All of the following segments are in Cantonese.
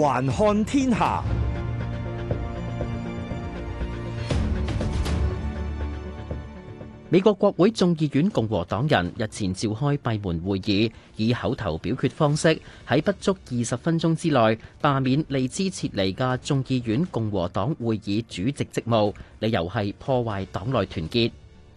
環看天下，美國國會眾議院共和黨人日前召開閉門會議，以口頭表決方式喺不足二十分鐘之內罷免莉茲切尼嘅眾議院共和黨會議主席職務，理由係破壞黨內團結。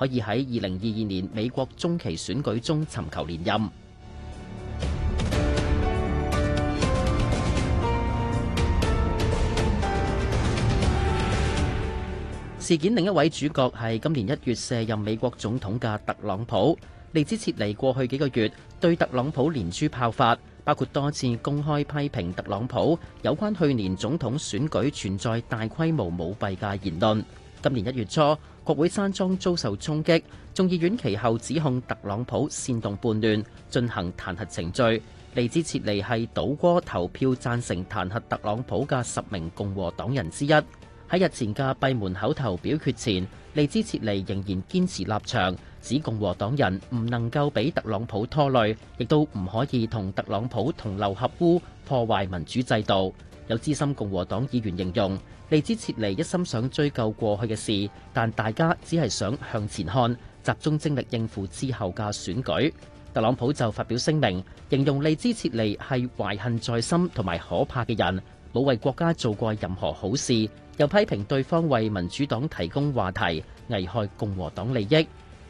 可以喺二零二二年美國中期選舉中尋求連任。事件另一位主角係今年一月卸任美國總統嘅特朗普，莉茲切尼過去幾個月對特朗普連珠炮發，包括多次公開批評特朗普有關去年總統選舉存在大規模舞弊嘅言論。今年一月初，國會山莊遭受衝擊，眾議院其後指控特朗普煽動叛亂進行彈劾程序。莉茲切尼係倒戈投票贊成彈劾特朗普嘅十名共和黨人之一。喺日前嘅閉門口頭表決前，莉茲切尼仍然堅持立場，指共和黨人唔能夠俾特朗普拖累，亦都唔可以同特朗普同流合污，破壞民主制度。有資深共和黨議員形容，莉茲切尼一心想追究過去嘅事，但大家只係想向前看，集中精力應付之後嘅選舉。特朗普就發表聲明，形容莉茲切尼係懷恨在心同埋可怕嘅人，冇為國家做過任何好事，又批評對方為民主黨提供話題，危害共和黨利益。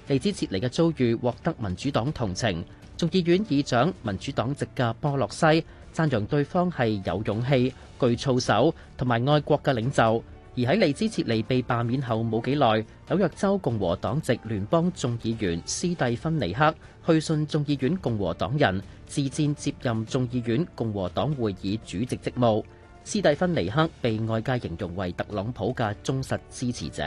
莉茲切尼嘅遭遇獲得民主黨同情，眾議院議長、民主黨籍嘅波洛西讚揚對方係有勇氣、具操守同埋愛國嘅領袖。而喺莉茲切尼被罷免後冇幾耐，紐約州共和黨籍聯邦眾議員斯蒂芬尼克去信眾議院共和黨人，自薦接任眾議院共和黨會議主席職務。斯蒂芬尼克被外界形容為特朗普嘅忠實支持者。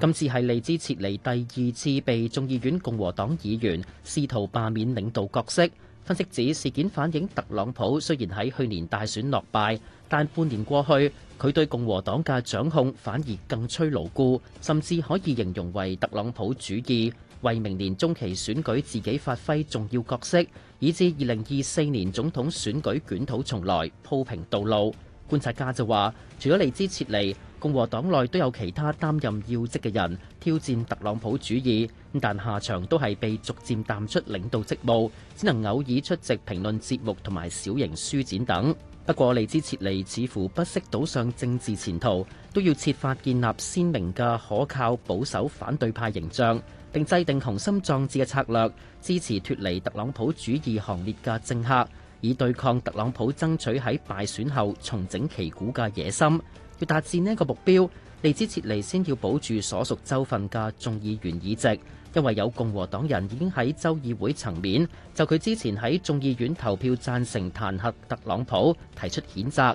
今次係莉茲切尼第二次被眾議院共和黨議員試圖罷免領導角色。分析指事件反映特朗普雖然喺去年大選落敗，但半年過去，佢對共和黨嘅掌控反而更趨牢固，甚至可以形容為特朗普主義，為明年中期選舉自己發揮重要角色，以至二零二四年總統選舉捲土重來，鋪平道路。觀察家就話：除咗莉茲切尼。共和黨內都有其他擔任要職嘅人挑戰特朗普主義，但下場都係被逐漸淡出領導職務，只能偶爾出席評論節目同埋小型書展等。不過，莉茲切尼似乎不惜賭上政治前途，都要設法建立鮮明嘅可靠保守反對派形象，並制定雄心壯志嘅策略，支持脱離特朗普主義行列嘅政客。以對抗特朗普，爭取喺敗選後重整旗鼓嘅野心。要達至呢個目標，莉茲切尼先要保住所屬州份嘅眾議員議席，因為有共和黨人已經喺州議會層面就佢之前喺眾議院投票贊成彈劾特朗普提出譴責。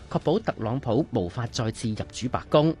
確保特朗普無法再次入主白宮。